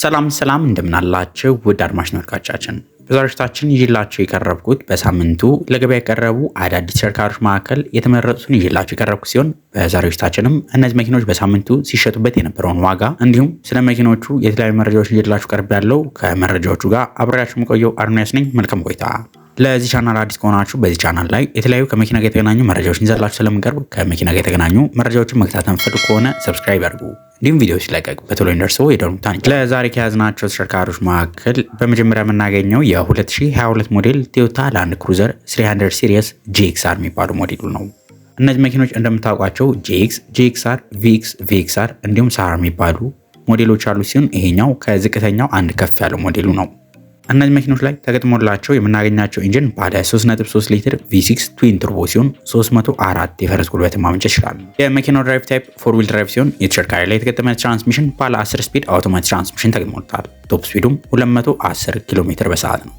ሰላም ሰላም እንደምናላችሁ ውድ አድማጭ ተመልካቾቻችን፣ በዛሬዎቻችን ዝግጅታችን ይዤላችሁ የቀረብኩት በሳምንቱ ለገበያ የቀረቡ አዳዲስ ተሽከርካሪዎች መካከል የተመረጡትን ይዤላችሁ የቀረብኩት ሲሆን በዛሬዎቻችንም እነዚህ መኪኖች በሳምንቱ ሲሸጡበት የነበረውን ዋጋ እንዲሁም ስለ መኪኖቹ የተለያዩ መረጃዎች ይዤላችሁ ቀርብ ያለው ከመረጃዎቹ ጋር አብሬያችሁ የምቆየው አርኖያስ ነኝ። መልካም ቆይታ ለዚህ ቻናል አዲስ ከሆናችሁ በዚህ ቻናል ላይ የተለያዩ ከመኪና ጋር የተገናኙ መረጃዎችን ይዘላችሁ ስለምንቀርብ ከመኪና ጋር የተገናኙ መረጃዎችን መከታተል የምትፈልጉ ከሆነ ሰብስክራይብ ያድርጉ። እንዲሁም ቪዲዮ ሲለቀቅ በቶሎ እንደርሶ የደርሙታን ለዛሬ ከያዝናቸው ተሽከርካሪዎች መካከል በመጀመሪያ የምናገኘው የ2022 ሞዴል ቶዮታ ላንድ ክሩዘር 300 ሲሪየስ ጂኤክስአር የሚባሉ ሞዴሉ ነው። እነዚህ መኪኖች እንደምታውቋቸው ጂኤክስ፣ ጂኤክስአር፣ ቪክስ፣ ቪክስአር እንዲሁም ሳር የሚባሉ ሞዴሎች አሉ ሲሆን ይሄኛው ከዝቅተኛው አንድ ከፍ ያለው ሞዴሉ ነው። እነዚህ መኪኖች ላይ ተገጥሞላቸው የምናገኛቸው ኢንጂን ባለ 3.3 ሊትር V6 ትዊን ቱርቦ ሲሆን 304 የፈረስ ጉልበት ማመንጨት ይችላል። የመኪናው ድራይቭ ታይፕ ፎር ዊል ድራይቭ ሲሆን የተሽከርካሪ ላይ የተገጠመ ትራንስሚሽን ባለ 10 ስፒድ አውቶማቲክ ትራንስሚሽን ተገጥሞልታል። ቶፕ ስፒዱም 210 ኪሎ ሜትር በሰዓት ነው።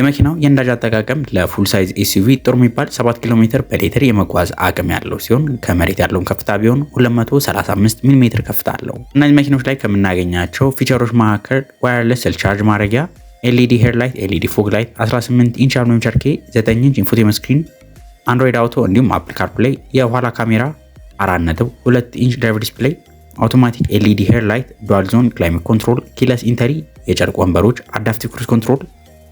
የመኪናው የነዳጅ አጠቃቀም ለፉል ሳይዝ ኤስዩቪ ጥሩ የሚባል 7 ኪሎ ሜትር በሌትር የመጓዝ አቅም ያለው ሲሆን ከመሬት ያለውን ከፍታ ቢሆን 235 ሚሜ ከፍታ አለው። እነዚህ መኪኖች ላይ ከምናገኛቸው ፊቸሮች መካከል ዋየርለስ ሴልፍ ቻርጅ ማድረጊያ ኤልኢዲ ላይት ኤልኢዲ ፎግ ላይት፣ 18 ኢንች አሉሚኒየም ቸርኬ፣ 9 ኢንች ኢንፎቴመንት ስክሪን፣ አንድሮይድ አውቶ እንዲሁም አፕል ካርፕሌይ፣ የኋላ ካሜራ ሁለት ኢንች ድራይቭ ዲስፕሌይ፣ አውቶማቲክ ኤልኢዲ ሄድላይት፣ ዱዋል ዞን ክላይሜት ኮንትሮል፣ ኪለስ ኢንተሪ፣ የጨርቅ ወንበሮች፣ አዳፕቲቭ ክሩዝ ኮንትሮል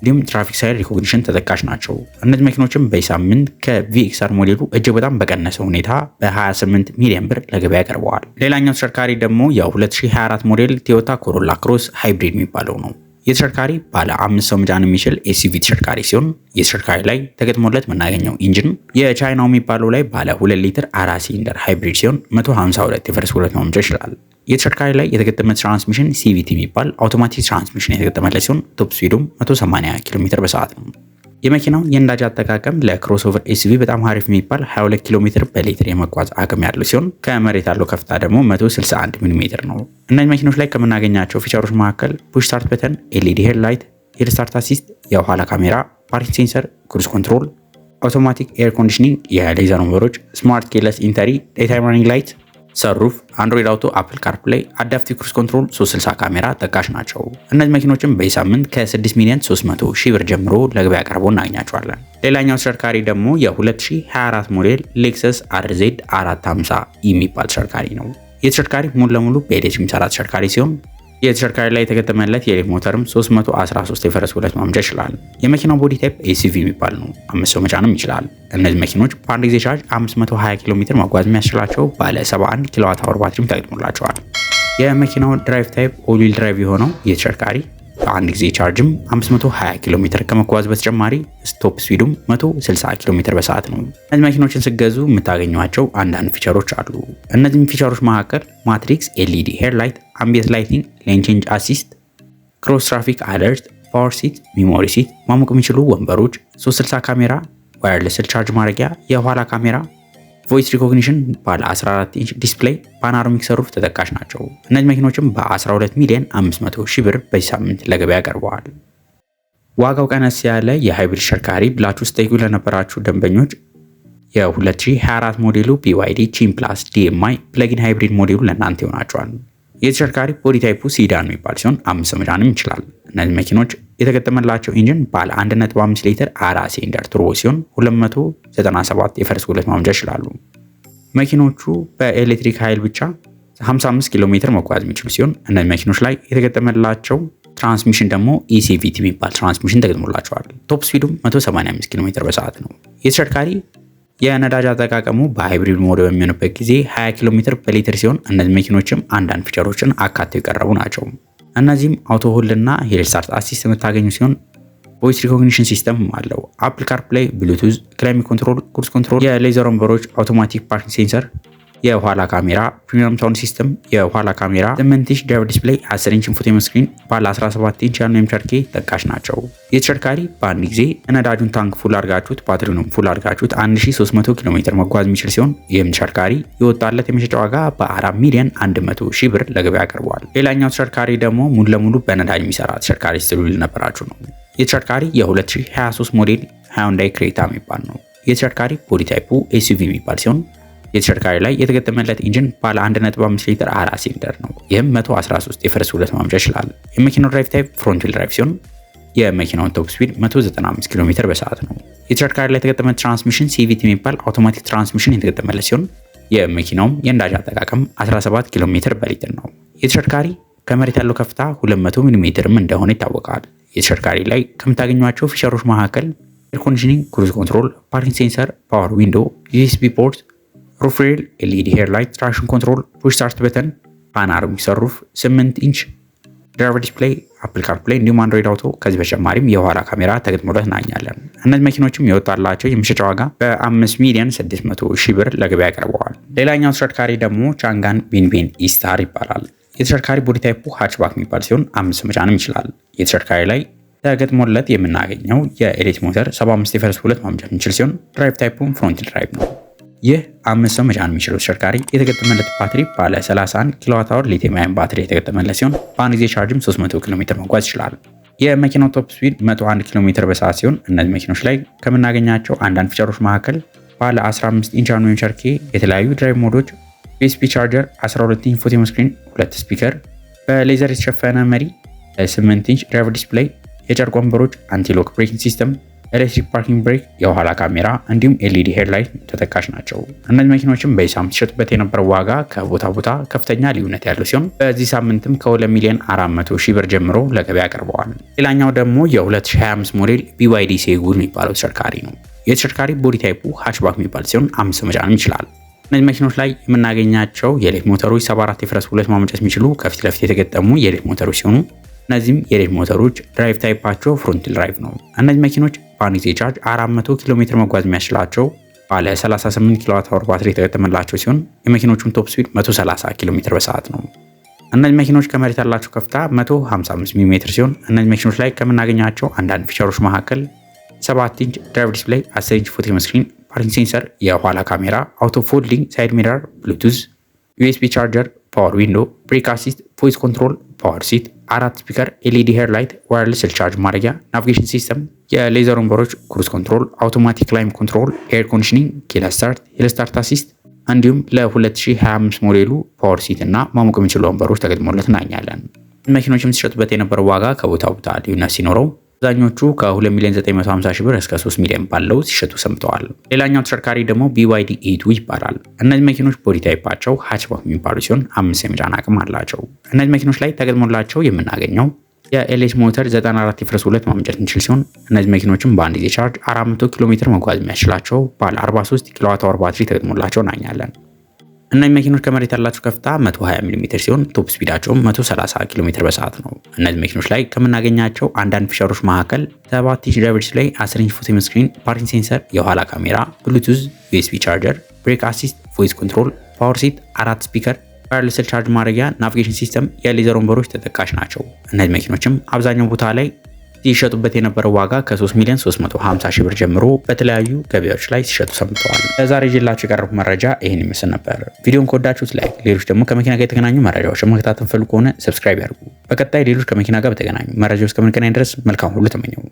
እንዲሁም ትራፊክ ሳይል ሪኮግኒሽን ተጠቃሽ ናቸው። እነዚህ መኪኖችም በሳምንት ከቪኤክስአር ሞዴሉ እጅግ በጣም በቀነሰ ሁኔታ በ28 ሚሊዮን ብር ለገበያ ቀርበዋል። ሌላኛው ተሽከርካሪ ደግሞ የ2024 ሞዴል ቶዮታ ኮሮላ ክሮስ ሃይብሪድ የሚባለው ነው። የተሽከርካሪ ባለ አምስት ሰው መጫን የሚችል ኤስዩቪ ተሽከርካሪ ሲሆን የተሽከርካሪ ላይ ተገጥሞለት የምናገኘው ኢንጂንም የቻይናው የሚባለው ላይ ባለ ሁለት ሊትር አራት ሲሊንደር ሃይብሪድ ሲሆን 152 የፈረስ ጉልበት መምጫ ይችላል። የተሽከርካሪ ላይ የተገጠመ ትራንስሚሽን ሲቪቲ የሚባል አውቶማቲክ ትራንስሚሽን የተገጠመለት ሲሆን ቶፕ ስፒዱም 180 ኪሎ ሜትር በሰዓት ነው። የመኪናው የነዳጅ አጠቃቀም ለክሮስኦቨር ኤስዩቪ በጣም አሪፍ የሚባል 22 ኪሎ ሜትር በሊትር የመጓዝ አቅም ያለው ሲሆን ከመሬት ያለው ከፍታ ደግሞ 161 ሜትር ነው። እነዚህ መኪኖች ላይ ከምናገኛቸው ፊቸሮች መካከል ፑሽ ስታርት በተን፣ ኤልኢዲ ሄድ ላይት፣ ስታርት አሲስት፣ የኋላ ካሜራ፣ ፓርኪንግ ሴንሰር፣ ክሩዝ ኮንትሮል፣ አውቶማቲክ ኤር ኮንዲሽኒንግ፣ የሌዘር ወንበሮች፣ ስማርት ኬለስ ኢንተሪ፣ ዴይታይም ራኒንግ ላይት ሰሩፍ፣ አንድሮይድ አውቶ፣ አፕል ካርፕላይ፣ አዳፕቲቭ ክሩዝ ኮንትሮል፣ 360 ካሜራ ጠቃሽ ናቸው። እነዚህ መኪኖችም በሳምንት ከ6 ሚሊዮን 300 ሺህ ብር ጀምሮ ለገበያ ቀርቦ እናገኛቸዋለን። ሌላኛው ተሽከርካሪ ደግሞ የ2024 ሞዴል ሌክሰስ አርዜድ 450 የሚባል ተሽከርካሪ ነው። ይህ ተሽከርካሪ ሙሉ ለሙሉ በኤሌክትሪክ የሚሰራ ተሽከርካሪ ሲሆን የተሽከርካሪ ላይ የተገጠመለት የኤሌክ ሞተርም 313 የፈረስ ጉልበት ማምጫ ይችላል። የመኪናው ቦዲ ታይፕ ኤሲቪ የሚባል ነው። አምስት ሰው መጫንም ይችላል። እነዚህ መኪኖች በአንድ ጊዜ ቻርጅ 520 ኪሎ ሜትር መጓዝ የሚያስችላቸው ባለ 71 ኪሎዋት አወር ባትሪም ተገጥሞላቸዋል። የመኪናው ድራይቭ ታይፕ ኦሊል ድራይቭ የሆነው የተሽከርካሪ በአንድ ጊዜ ቻርጅም 520 ኪሎ ሜትር ከመጓዝ በተጨማሪ ስቶፕ ስፒዱም 160 ኪሎ ሜትር በሰዓት ነው። እነዚህ መኪኖችን ስገዙ የምታገኟቸው አንዳንድ ፊቸሮች አሉ። እነዚህም ፊቸሮች መካከል ማትሪክስ ኤልኢዲ ሄድላይት፣ አምቢየንት ላይቲንግ፣ ሌን ቼንጅ አሲስት፣ ክሮስ ትራፊክ አለርት፣ ፓወር ሲት፣ ሚሞሪ ሲት፣ ማሞቅ የሚችሉ ወንበሮች፣ 360 ካሜራ፣ ዋየርለስ ቻርጅ ማድረጊያ፣ የኋላ ካሜራ ቮይስ ሪኮግኒሽን ባለ 14 ኢንች ዲስፕሌይ፣ ፓናሮሚክ ሰሩፍ ተጠቃሽ ናቸው። እነዚህ መኪኖችም በ12 ሚሊዮን 500 ሺህ ብር በዚህ ሳምንት ለገበያ ቀርበዋል። ዋጋው ቀነስ ያለ የሃይብሪድ ተሽከርካሪ ብላችሁ ስጠይቁ ለነበራችሁ ደንበኞች የ2024 ሞዴሉ BYD ቺን ፕላስ DMI ፕለጊን ሃይብሪድ ሞዴሉ ለእናንተ ይሆናቸዋል። የተሽከርካሪ ቦዲ ታይፑ ሲዳን የሚባል ሲሆን አምስት መጫንም ይችላል። እነዚህ መኪኖች የተገጠመላቸው ኢንጂን ባለ 1.5 ሊትር አራት ሲሊንደር ቱርቦ ሲሆን 297 የፈረስ ጉልበት ማምጫ ይችላሉ። መኪኖቹ በኤሌክትሪክ ኃይል ብቻ 55 ኪሎ ሜትር መጓዝ የሚችሉ ሲሆን እነዚህ መኪኖች ላይ የተገጠመላቸው ትራንስሚሽን ደግሞ ኢሲቪቲ የሚባል ትራንስሚሽን ተገጥሞላቸዋል። ቶፕ ስፒዱም 185 ኪሎ ሜትር በሰዓት ነው። ይህ የነዳጅ አጠቃቀሙ በሃይብሪድ ሞድ በሚሆንበት ጊዜ 20 ኪሎ ሜትር በሊትር ሲሆን እነዚህ መኪኖችም አንዳንድ ፊቸሮችን አካተው የቀረቡ ናቸው። እነዚህም አውቶ ሆልድ እና ሄድ ስታርት አሲስት የምታገኙ ሲሆን ቮይስ ሪኮግኒሽን ሲስተም አለው። አፕል ካርፕላይ፣ ብሉቱዝ፣ ክላይሜት ኮንትሮል፣ ኩርስ ኮንትሮል፣ የሌዘር ወንበሮች፣ አውቶማቲክ ፓርኪንግ ሴንሰር የኋላ ካሜራ ፕሪሚየም ሳውንድ ሲስተም፣ የኋላ ካሜራ 8000 ዳይሬክት ዲስፕሌይ፣ 10 ኢንች ፉቴም ስክሪን፣ ባለ 17 ኢንች ያኑ ኤምቻርኬ ተጠቃሽ ናቸው። የተሽከርካሪ በአንድ ጊዜ ነዳጁን ታንክ ፉል አድርጋችሁት ባትሪውንም ፉል አድርጋችሁት 1300 ኪሎ ሜትር መጓዝ የሚችል ሲሆን ይህም ተሽከርካሪ የወጣለት የመሸጫ ዋጋ በ4 ሚሊዮን 100 ሺ ብር ለገበያ ቀርቧል። ሌላኛው ተሽከርካሪ ደግሞ ሙሉ ለሙሉ በነዳጅ የሚሰራ ተሽከርካሪ ስትሉ ልነበራችሁ ነው። የተሽከርካሪ የ2023 ሞዴል ሃዩንዳይ ክሬታ የሚባል ነው። የተሽከርካሪ ቦዲ ታይፑ ኤስዩቪ የሚባል ሲሆን የተሽከርካሪ ላይ የተገጠመለት ኢንጂን ባለ 1.5 ሊትር አራት ሲሊንደር ነው። ይህም 113 የፈረስ ሁለት ማምጫ ይችላል። የመኪናው ድራይቭ ታይፕ ፍሮንት ዊል ድራይቭ ሲሆን የመኪናውን ቶፕ ስፒድ 195 ኪሎ ሜትር በሰዓት ነው። የተሽከርካሪ ላይ የተገጠመ ትራንስሚሽን ሲቪቲ የሚባል አውቶማቲክ ትራንስሚሽን የተገጠመለት ሲሆን የመኪናውም የነዳጅ አጠቃቀም 17 ኪሎ ሜትር በሊትር ነው። የተሽከርካሪ ከመሬት ያለው ከፍታ 200 ሚሊሜትርም እንደሆነ ይታወቃል። የተሽከርካሪ ላይ ከምታገኟቸው ፊቸሮች መካከል ኤርኮንዲሽኒንግ፣ ክሩዝ ኮንትሮል፣ ፓርኪንግ ሴንሰር፣ ፓወር ዊንዶ፣ ዩኤስቢ ፖርት ሩፍሬል ኤልኢዲ ሄድላይት ትራክሽን ኮንትሮል ፑሽ ስታርት በተን ፓን አርጉ ሰሩፍ 8 ኢንች ድራይቨር ዲስፕሌይ አፕል ካርፕሌይ እንዲሁም አንድሮይድ አውቶ ከዚህ በተጨማሪም የኋላ ካሜራ ተገጥሞለት እናገኛለን። እነዚህ መኪኖችም የወጣላቸው የመሸጫ ዋጋ በ5 ሚሊዮን 600 ሺህ ብር ለገበያ ቀርበዋል። ሌላኛው ተሽከርካሪ ደግሞ ቻንጋን ቢንቢን ኢስታር ይባላል። የተሽከርካሪ ቦዲ ታይፑ ሃችባክ የሚባል ሲሆን አምስት መጫንም ይችላል። የተሽከርካሪ ላይ ተገጥሞለት የምናገኘው የኤሌት ሞተር 75 የፈረስ ሁለት ማምጫ የሚችል ሲሆን ድራይቭ ታይፑም ፍሮንት ድራይቭ ነው። ይህ አምስት ሰው መጫን የሚችለው ተሽከርካሪ የተገጠመለት ባትሪ ባለ 31 ኪሎዋት አወር ሊቲየም ባትሪ የተገጠመለት ሲሆን በአንድ ጊዜ ቻርጅም 300 ኪሎ ሜትር መጓዝ ይችላል። የመኪናው ቶፕ ስፒድ 101 ኪሎ ሜትር በሰዓት ሲሆን እነዚህ መኪኖች ላይ ከምናገኛቸው አንዳንድ ፊቸሮች መካከል ባለ 15 ኢንች አልሙኒየም ቸርኬ፣ የተለያዩ ድራይቭ ሞዶች፣ ዩኤስቢ ቻርጀር፣ 12 ኢንች ፎቶ ስክሪን፣ ሁለት ስፒከር፣ በሌዘር የተሸፈነ መሪ፣ 8 ኢንች ድራይቨር ዲስፕሌይ፣ የጨርቅ ወንበሮች፣ አንቲሎክ ብሬኪንግ ሲስተም ኤሌክትሪክ ፓርኪንግ ብሬክ፣ የኋላ ካሜራ እንዲሁም ኤልኢዲ ሄድላይት ተጠቃሽ ናቸው። እነዚህ መኪኖችም በሂሳብ ሲሸጡበት የነበረው ዋጋ ከቦታ ቦታ ከፍተኛ ልዩነት ያለው ሲሆን በዚህ ሳምንትም ከ2 ሚሊዮን 400 ሺህ ብር ጀምሮ ለገበያ ቀርበዋል። ሌላኛው ደግሞ የ2025 ሞዴል ቢዋይዲ ሴጉል የሚባለው ተሽከርካሪ ነው። የተሽከርካሪ ቦዲ ታይፑ ሃሽባክ የሚባል ሲሆን አምስት መጫንም ይችላል። እነዚህ መኪኖች ላይ የምናገኛቸው የኤሌት ሞተሮች 74 የፈረስ ሁለት ማመንጨት የሚችሉ ከፊት ለፊት የተገጠሙ የኤሌት ሞተሮች ሲሆኑ እነዚህም የኤሌት ሞተሮች ድራይቭ ታይፓቸው ፍሮንት ድራይቭ ነው። እነዚህ መኪኖች በአንድ ጊዜ ቻርጅ 400 ኪሎ ሜትር መጓዝ የሚያስችላቸው ባለ 38 ኪሎዋት አወር ባትሪ የተገጠመላቸው ሲሆን የመኪኖቹም ቶፕ ስፒድ 130 ኪሎ ሜትር በሰዓት ነው። እነዚህ መኪኖች ከመሬት ያላቸው ከፍታ 155 ሚሜ ሲሆን እነዚህ መኪኖች ላይ ከምናገኛቸው አንዳንድ ፊቸሮች መካከል 7 ኢንች ድራይቭ ዲስፕሌይ፣ 10 ኢንች ፎቶ ስክሪን፣ ፓርኪንግ ሴንሰር፣ የኋላ ካሜራ፣ አውቶ ፎልዲንግ፣ ሳይድ ሚረር፣ ብሉቱዝ ዩኤስቢ ቻርጀር፣ ፓወር ዊንዶ፣ ብሬክ አሲስት፣ ቮይስ ኮንትሮል፣ ፓወር ሲት፣ አራት ስፒከር፣ ኤልኢዲ ሄር ላይት፣ ዋየርለስ ቻርጅ ማድረጊያ፣ ናቪጌሽን ሲስተም፣ የሌዘር ወንበሮች፣ ክሩዝ ኮንትሮል፣ አውቶማቲክ ክላይም ኮንትሮል፣ ኤር ኮንዲሽኒንግ፣ ኪል ስታርት፣ ሂል ስታርት አሲስት እንዲሁም ለ2025 ሞዴሉ ፓወር ሲት እና ማሞቅ የሚችሉ ወንበሮች ተገጥሞለት እናኛለን። መኪኖች የሚሸጡበት የነበረው ዋጋ ከቦታ ቦታ ልዩነት ሲኖረው አብዛኞቹ ከ2 ሚሊዮን 950 ሺህ ብር እስከ 3 ሚሊዮን ባለው ሲሸጡ ሰምተዋል። ሌላኛው ተሽከርካሪ ደግሞ ቢዋይዲ ኢቱ ይባላል። እነዚህ መኪኖች ቦዲ ታይፓቸው ሃችባክ የሚባሉ ሲሆን አምስት የመጫን አቅም አላቸው። እነዚህ መኪኖች ላይ ተገጥሞላቸው የምናገኘው የኤሌች ሞተር 94 የፈረስ ሁለት ማመንጨት እንችል ሲሆን እነዚህ መኪኖችም በአንድ ጊዜ ቻርጅ 400 ኪሎ ሜትር መጓዝ የሚያስችላቸው ባለ 43 ኪሎዋት አወር ባትሪ ተገጥሞላቸው እናገኛለን። እነዚህ መኪኖች ከመሬት ያላቸው ከፍታ 120 ሚሊ ሜትር ሲሆን ቶፕ ስፒዳቸውም 130 ኪሎ ሜትር በሰዓት ነው። እነዚህ መኪኖች ላይ ከምናገኛቸው አንዳንድ ፊቸሮች መካከል 7 ኢንች ዳይቨርስ ላይ 10 ኢንች ፎቶ ስክሪን፣ ፓርኪንግ ሴንሰር፣ የኋላ ካሜራ፣ ብሉቱዝ፣ ዩኤስቢ ቻርጀር፣ ብሬክ አሲስት፣ ቮይስ ኮንትሮል፣ ፓወር ሲት፣ አራት ስፒከር ዋየርለስ ቻርጅ ማድረጊያ፣ ናቪጌሽን ሲስተም፣ የሌዘር ወንበሮች ተጠቃሽ ናቸው። እነዚህ መኪኖችም አብዛኛው ቦታ ላይ ሲሸጡበት የነበረው ዋጋ ከ3 ሚሊዮን 350 ሺህ ብር ጀምሮ በተለያዩ ገበያዎች ላይ ሲሸጡ ሰምተዋል። ለዛሬ ይዤላችሁ የቀረቡ መረጃ ይህን ይመስል ነበር። ቪዲዮን ከወዳችሁት ላይክ፣ ሌሎች ደግሞ ከመኪና ጋር የተገናኙ መረጃዎች መከታተል ከሆነ ሰብስክራይብ ያድርጉ። በቀጣይ ሌሎች ከመኪና ጋር በተገናኙ መረጃዎች እስከምንገናኝ ድረስ መልካም ሁሉ ተመኘው።